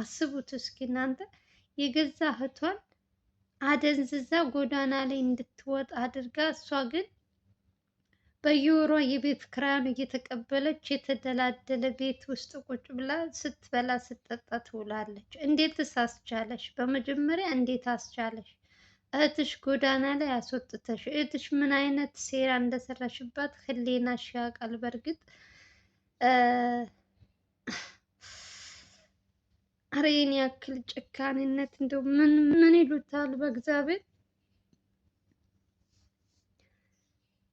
አስቡት እስኪ እናንተ የገዛ እህቷን አደንዝዛ ጎዳና ላይ እንድትወጣ አድርጋ እሷ ግን በየወሯ የቤት ክራዩን እየተቀበለች የተደላደለ ቤት ውስጥ ቁጭ ብላ ስትበላ ስትጠጣ ትውላለች። እንዴትስ አስቻለሽ? በመጀመሪያ እንዴት አስቻለሽ? እህትሽ ጎዳና ላይ አስወጥተሽ እህትሽ ምን አይነት ሴራ እንደሰራሽባት ህሊናሽ ያውቃል። በእርግጥ አረ የኔ ያክል ጭካኔነት እንደው ምን ምን ይሉታል? በእግዚአብሔር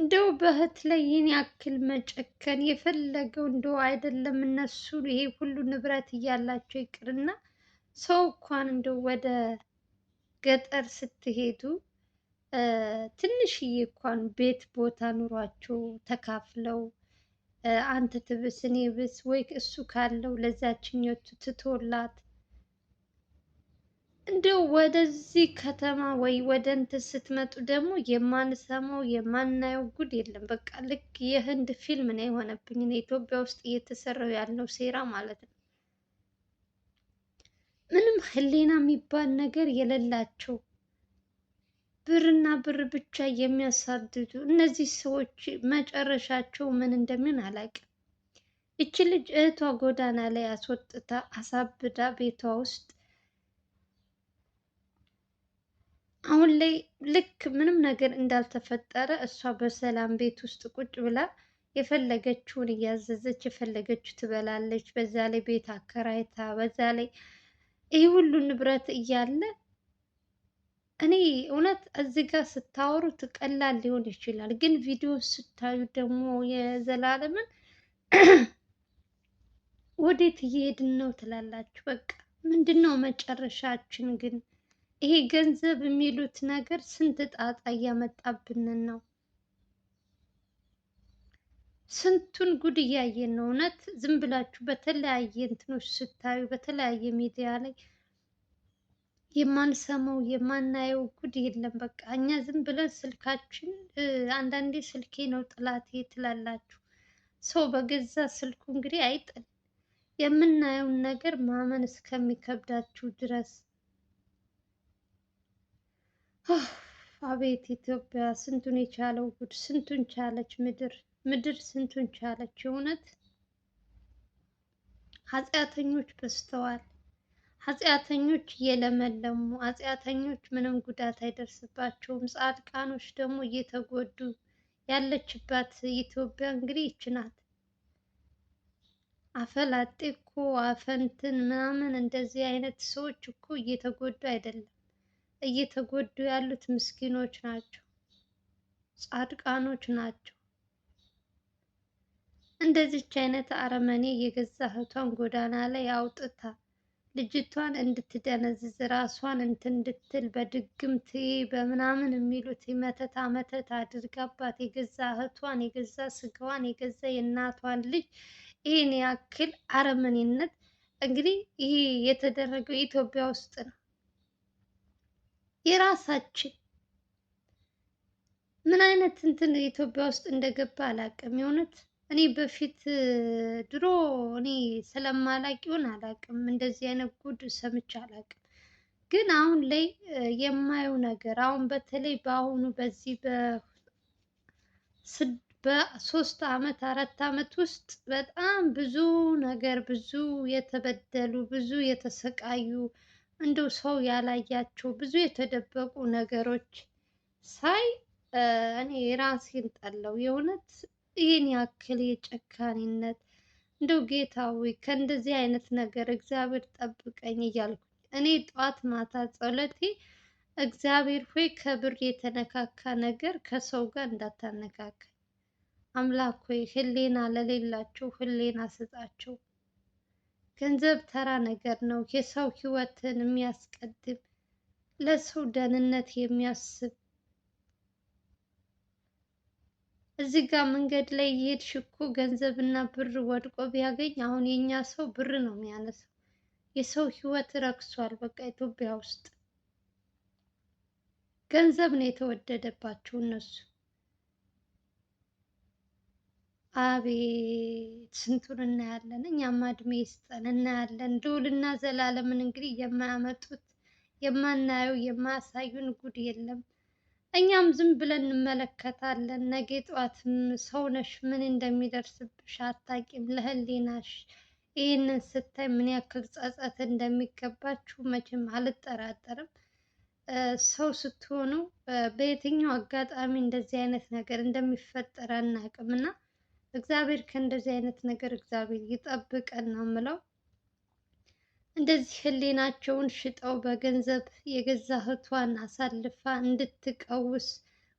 እንደው በእህት ላይ ይህን ያክል መጨከን የፈለገው እንደው አይደለም እነሱ ይሄ ሁሉ ንብረት እያላቸው ይቅርና ሰው እንኳን እንደው ወደ ገጠር ስትሄዱ ትንሽዬ እንኳን ቤት ቦታ ኑሯቸው ተካፍለው አንተ ትብስ እኔ ብስ ወይ እሱ ካለው ለዛችኛቱ ትቶላት እንደው ወደዚህ ከተማ ወይ ወደ እንትን ስትመጡ ደግሞ የማንሰማው የማናየው ጉድ የለም። በቃ ልክ የህንድ ፊልም ነው የሆነብኝ ኢትዮጵያ ውስጥ እየተሰራው ያለው ሴራ ማለት ነው። ምንም ህሊና የሚባል ነገር የሌላቸው ብርና ብር ብቻ የሚያሳድዱ እነዚህ ሰዎች መጨረሻቸው ምን እንደሚሆን አላውቅም። ይቺ ልጅ እህቷ ጎዳና ላይ አስወጥታ አሳብዳ ቤቷ ውስጥ አሁን ላይ ልክ ምንም ነገር እንዳልተፈጠረ እሷ በሰላም ቤት ውስጥ ቁጭ ብላ የፈለገችውን እያዘዘች የፈለገችው ትበላለች። በዛ ላይ ቤት አከራይታ፣ በዛ ላይ ይህ ሁሉ ንብረት እያለ እኔ እውነት እዚህ ጋር ስታወሩት ቀላል ሊሆን ይችላል፣ ግን ቪዲዮ ስታዩ ደግሞ የዘላለምን ወዴት እየሄድን ነው ትላላችሁ። በቃ ምንድን ነው መጨረሻችን ግን ይሄ ገንዘብ የሚሉት ነገር ስንት ጣጣ እያመጣብንን ነው። ስንቱን ጉድ እያየን ነው። እውነት ዝም ብላችሁ በተለያየ እንትኖች ስታዩ በተለያየ ሚዲያ ላይ የማንሰማው የማናየው ጉድ የለም። በቃ እኛ ዝም ብለን ስልካችን አንዳንዴ ስልኬ ነው ጥላቴ ትላላችሁ። ሰው በገዛ ስልኩ እንግዲህ አይጥል የምናየውን ነገር ማመን እስከሚከብዳችሁ ድረስ አቤት ኢትዮጵያ ስንቱን የቻለው ጉድ! ስንቱን ቻለች ምድር ምድር ስንቱን ቻለች። እውነት ኃጢአተኞች በዝተዋል። ኃጢአተኞች እየለመለሙ፣ ኃጢአተኞች ምንም ጉዳት አይደርስባቸውም። ጻድቃኖች ደግሞ እየተጎዱ ያለችባት ኢትዮጵያ እንግዲህ ይች ናት። አፈላጤ እኮ አፈንትን ምናምን እንደዚህ አይነት ሰዎች እኮ እየተጎዱ አይደለም እየተጎዱ ያሉት ምስኪኖች ናቸው፣ ጻድቃኖች ናቸው። እንደዚች አይነት አረመኔ የገዛ እህቷን ጎዳና ላይ አውጥታ ልጅቷን እንድትደነዝዝ ራሷን እንትን እንድትል በድግምት በምናምን የሚሉት መተታ መተት አድርጋባት የገዛ እህቷን የገዛ ስጋዋን የገዛ የእናቷን ልጅ ይህን ያክል አረመኔነት እንግዲህ ይህ የተደረገው ኢትዮጵያ ውስጥ ነው። የራሳችን ምን አይነት እንትን ኢትዮጵያ ውስጥ እንደገባ አላውቅም። የእውነት እኔ በፊት ድሮ እኔ ስለማላቅ ይሆን አላውቅም፣ እንደዚህ አይነት ጉድ ሰምቼ አላውቅም። ግን አሁን ላይ የማየው ነገር አሁን በተለይ በአሁኑ በዚህ በሶስት አመት አራት አመት ውስጥ በጣም ብዙ ነገር ብዙ የተበደሉ ብዙ የተሰቃዩ እንደው ሰው ያላያቸው ብዙ የተደበቁ ነገሮች ሳይ እኔ ራሴን ጠላው። የእውነት ይህን ያክል የጨካኒነት እንደው ጌታዊ ከእንደዚህ አይነት ነገር እግዚአብሔር ጠብቀኝ እያልኩ እኔ ጠዋት ማታ ጸሎቴ እግዚአብሔር ሆይ ከብር የተነካካ ነገር ከሰው ጋር እንዳታነካከኝ፣ አምላክ ሆይ ሕሊና ለሌላቸው ህሌና ስጣቸው ገንዘብ ተራ ነገር ነው። የሰው ህይወትን የሚያስቀድም ለሰው ደህንነት የሚያስብ እዚህ ጋር መንገድ ላይ እየሄድሽ እኮ ገንዘብ እና ብር ወድቆ ቢያገኝ አሁን የእኛ ሰው ብር ነው የሚያነሳው። የሰው ህይወት ረክሷል። በቃ ኢትዮጵያ ውስጥ ገንዘብ ነው የተወደደባቸው እነሱ አቤት ስንቱን እናያለን። እኛማ እድሜ ይስጠን እናያለን። ልዑልና ዘላለምን እንግዲህ የማያመጡት የማናየው የማያሳዩን ጉድ የለም። እኛም ዝም ብለን እንመለከታለን። ነገ ጠዋትም ሰውነሽ ምን እንደሚደርስብሽ አታቂም። ለህሊናሽ ይህንን ስታይ ምን ያክል ጸጸት እንደሚገባችሁ መቼም አልጠራጠርም። ሰው ስትሆኑ በየትኛው አጋጣሚ እንደዚህ አይነት ነገር እንደሚፈጠር አናውቅም እና እግዚአብሔር ከእንደዚህ አይነት ነገር እግዚአብሔር ይጠብቀን ነው ምለው እንደዚህ ህሊናቸውን ሽጠው በገንዘብ የገዛ እህቷን አሳልፋ እንድትቀውስ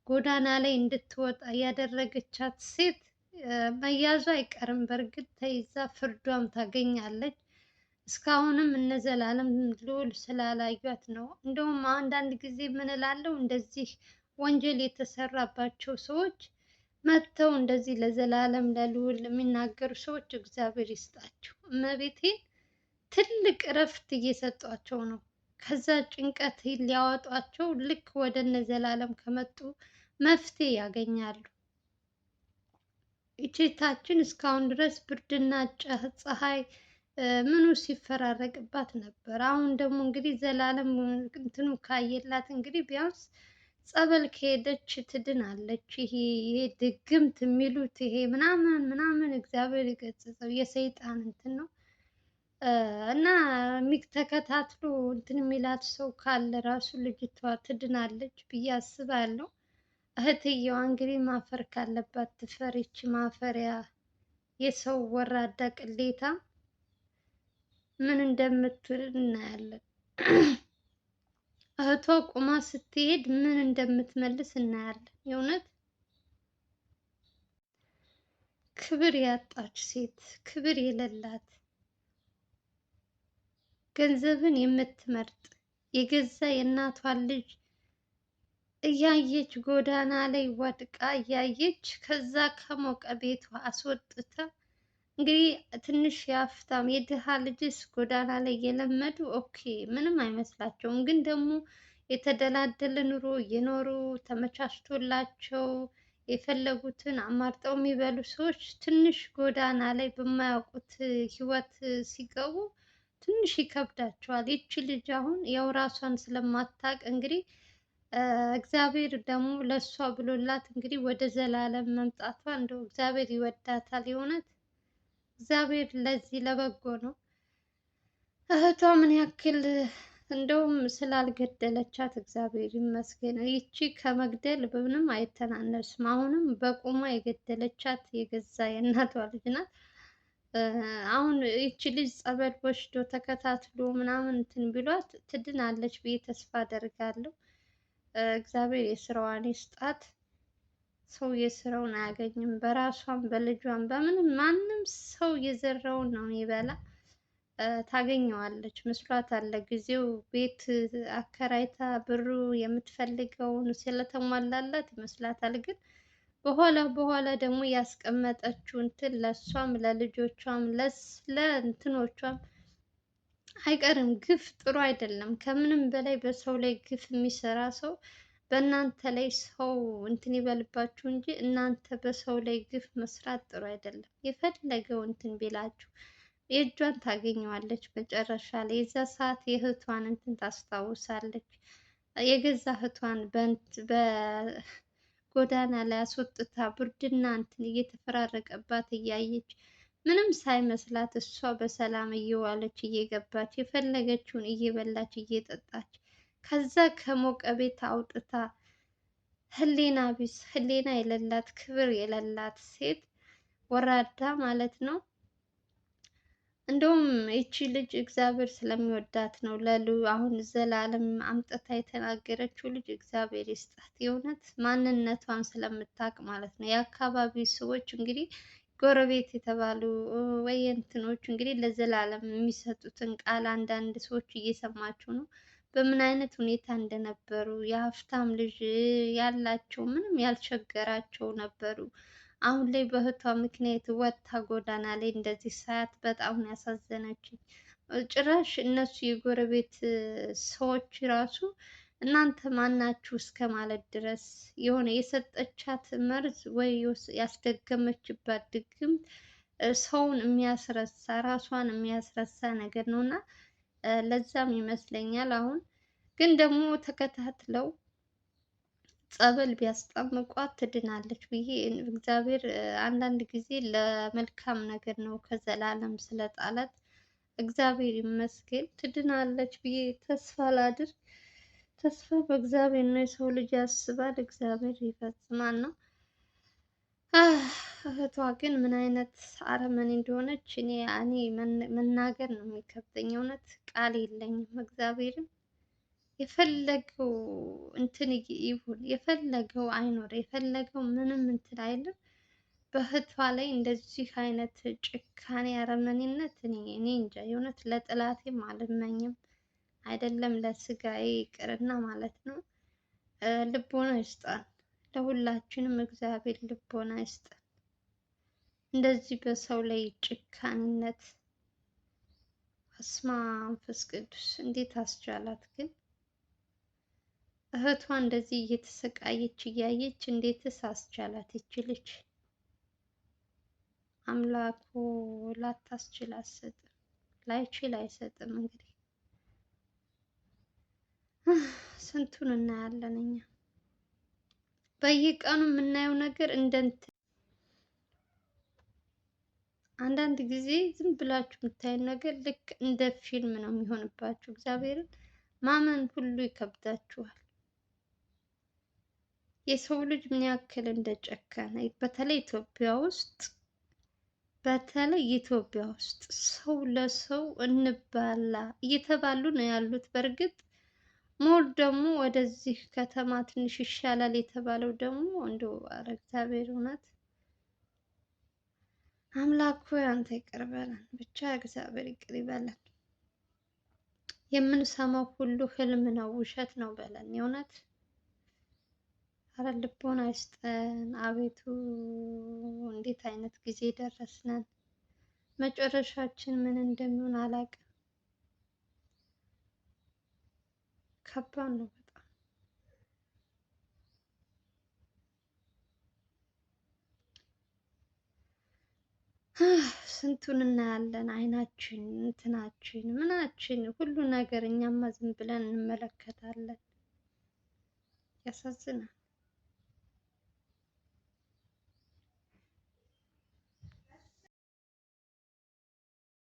ጎዳና ላይ እንድትወጣ ያደረገቻት ሴት መያዟ አይቀርም። በእርግጥ ተይዛ ፍርዷም ታገኛለች። እስካሁንም እነዘላለም ዘላለም ልዑል ስላላዩት ነው። እንደውም አንዳንድ ጊዜ ምን እላለሁ እንደዚህ ወንጀል የተሰራባቸው ሰዎች መጥተው እንደዚህ ለዘላለም ለልዑል የሚናገሩ ሰዎች እግዚአብሔር ይስጣቸው። እመቤቴን ትልቅ እረፍት እየሰጧቸው ነው። ከዛ ጭንቀት ሊያወጧቸው ልክ ወደ እነ ዘላለም ከመጡ መፍትሄ ያገኛሉ። እቺታችን እስካሁን ድረስ ብርድና ፀሐይ ምኑ ሲፈራረቅባት ነበር። አሁን ደግሞ እንግዲህ ዘላለም እንትኑ ካየላት እንግዲህ ቢያንስ ጸበል ከሄደች ትድናለች። ይሄ ይሄ ድግምት የሚሉት ይሄ ምናምን ምናምን እግዚአብሔር የገሰጸው የሰይጣን እንትን ነው እና የሚተከታትሉ እንትን የሚላት ሰው ካለ ራሱ ልጅቷ ትድናለች ብዬ አስባለሁ። እህትየዋ እንግዲህ ማፈር ካለባት ትፈሪች ማፈሪያ የሰው ወራዳ ቅሌታ ምን እንደምትል እናያለን። እህቷ ቁማ ስትሄድ ምን እንደምትመልስ እናያለን። የእውነት ክብር ያጣች ሴት፣ ክብር የሌላት ገንዘብን የምትመርጥ የገዛ የእናቷን ልጅ እያየች ጎዳና ላይ ወድቃ እያየች ከዛ ከሞቀ ቤቷ አስወጥታ እንግዲህ ትንሽ የሀብታም የድሃ ልጅስ ጎዳና ላይ የለመዱ ኦኬ ምንም አይመስላቸውም። ግን ደግሞ የተደላደለ ኑሮ እየኖሩ ተመቻችቶላቸው የፈለጉትን አማርጠው የሚበሉ ሰዎች ትንሽ ጎዳና ላይ በማያውቁት ህይወት ሲገቡ ትንሽ ይከብዳቸዋል። ይቺ ልጅ አሁን ያው ራሷን ስለማታቅ እንግዲህ እግዚአብሔር ደግሞ ለእሷ ብሎላት እንግዲህ ወደ ዘላለም መምጣቷ እንደው እግዚአብሔር ይወዳታል የእውነት እግዚአብሔር ለዚህ ለበጎ ነው። እህቷ ምን ያክል እንደውም ስላልገደለቻት እግዚአብሔር ይመስገን። ይቺ ከመግደል ምንም አይተናነስም። አሁንም በቁማ የገደለቻት የገዛ የእናቷ ልጅ ናት። አሁን ይቺ ልጅ ጸበል ወስዶ ተከታትሎ ምናምን እንትን ቢሏት ትድናለች ብዬ ተስፋ አደርጋለሁ። እግዚአብሔር የስራዋን ይስጣት። ሰው የስራውን አያገኝም። በራሷም በልጇም በምንም ማንም ሰው የዘራውን ነው የሚበላ። ታገኘዋለች መስሏት አለ ጊዜው ቤት አከራይታ ብሩ የምትፈልገውን ስለተሟላላት ይመስላታል። ግን በኋላ በኋላ ደግሞ ያስቀመጠችው እንትን ለእሷም ለልጆቿም ለእንትኖቿም አይቀርም። ግፍ ጥሩ አይደለም። ከምንም በላይ በሰው ላይ ግፍ የሚሰራ ሰው በእናንተ ላይ ሰው እንትን ይበልባችሁ እንጂ እናንተ በሰው ላይ ግፍ መስራት ጥሩ አይደለም። የፈለገው እንትን ቢላችሁ የእጇን ታገኘዋለች። መጨረሻ ላይ የዛ ሰዓት የእህቷን እንትን ታስታውሳለች። የገዛ እህቷን በጎዳና ላይ አስወጥታ ብርድና እንትን እየተፈራረቀባት እያየች ምንም ሳይመስላት እሷ በሰላም እየዋለች እየገባች የፈለገችውን እየበላች እየጠጣች ከዛ ከሞቀ ቤት አውጥታ ህሊና ቢስ ህሊና የሌላት ክብር የሌላት ሴት ወራዳ ማለት ነው። እንደውም ይቺ ልጅ እግዚአብሔር ስለሚወዳት ነው ለሉ አሁን ዘላለም አምጥታ የተናገረችው ልጅ እግዚአብሔር ይስጣት። የእውነት ማንነቷን ስለምታቅ ማለት ነው። የአካባቢ ሰዎች እንግዲህ ጎረቤት የተባሉ ወይ እንትኖች እንግዲህ ለዘላለም የሚሰጡትን ቃል አንዳንድ ሰዎች እየሰማችሁ ነው። በምን አይነት ሁኔታ እንደነበሩ የሀብታም ልጅ ያላቸው ምንም ያልቸገራቸው ነበሩ። አሁን ላይ በእህቷ ምክንያት ወጥታ ጎዳና ላይ እንደዚህ ሳያት በጣም ነው ያሳዘነችኝ። ጭራሽ እነሱ የጎረቤት ሰዎች ራሱ እናንተ ማናችሁ እስከ ማለት ድረስ የሆነ የሰጠቻት መርዝ ወይ ያስደገመችባት ድግምት ሰውን የሚያስረሳ ራሷን የሚያስረሳ ነገር ነው እና ለዛም ይመስለኛል አሁን ግን ደግሞ ተከታትለው ጸበል ቢያስጠምቋት ትድናለች ብዬ እግዚአብሔር አንዳንድ ጊዜ ለመልካም ነገር ነው ከዘላለም ስለጣላት እግዚአብሔር ይመስገን ትድናለች ብዬ ተስፋ ላድርግ። ተስፋ በእግዚአብሔር ነው። የሰው ልጅ ያስባል፣ እግዚአብሔር ይፈጽማል ነው። እህቷ ግን ምን አይነት አረመኔ እንደሆነች እኔ እኔ መናገር ነው የሚከብደኝ። እውነት ቃል የለኝም። እግዚአብሔርን የፈለገው እንትን ይሁን የፈለገው አይኖር የፈለገው ምንም እንትን አይልም። በእህቷ ላይ እንደዚህ አይነት ጭካኔ አረመኔነት እኔ እኔ እንጃ የእውነት ለጥላቴም አልመኝም። አይደለም ለስጋዬ ይቅርና ማለት ነው። ልቦና ይስጣል። ለሁላችንም እግዚአብሔር ልቦና ይስጠን። እንደዚህ በሰው ላይ ጭካኔነት አስማ መንፈስ ቅዱስ እንዴት አስቻላት ግን እህቷ እንደዚህ እየተሰቃየች እያየች እንዴትስ አስቻላት? ይችልች አምላኩ ላታስችል አትሰጥም፣ ላይችል አይሰጥም። እንግዲህ ስንቱን እናያለን እኛ በየቀኑ የምናየው ነገር እንደንት አንዳንድ ጊዜ ዝም ብላችሁ የምታዩት ነገር ልክ እንደ ፊልም ነው የሚሆንባችሁ። እግዚአብሔርን ማመን ሁሉ ይከብዳችኋል። የሰው ልጅ ምን ያክል እንደጨከነ በተለይ ኢትዮጵያ ውስጥ በተለይ ኢትዮጵያ ውስጥ ሰው ለሰው እንባላ እየተባሉ ነው ያሉት። በእርግጥ ሞር ደግሞ ወደዚህ ከተማ ትንሽ ይሻላል የተባለው ደግሞ እንደው አረ እግዚአብሔር እውነት አምላኩ አንተ ይቅር በለን፣ ብቻ እግዚአብሔር ይቅር ይበለን። የምንሰማው ሁሉ ህልም ነው፣ ውሸት ነው በለን። የእውነት አረ ልቦን አይስጠን። አቤቱ እንዴት አይነት ጊዜ ደረስነን። መጨረሻችን ምን እንደሚሆን አላውቅም። ከባድ ነው። ስንቱን እናያለን። አይናችን፣ እንትናችን፣ ምናችን ሁሉ ነገር እኛማ ዝም ብለን እንመለከታለን። ያሳዝናል።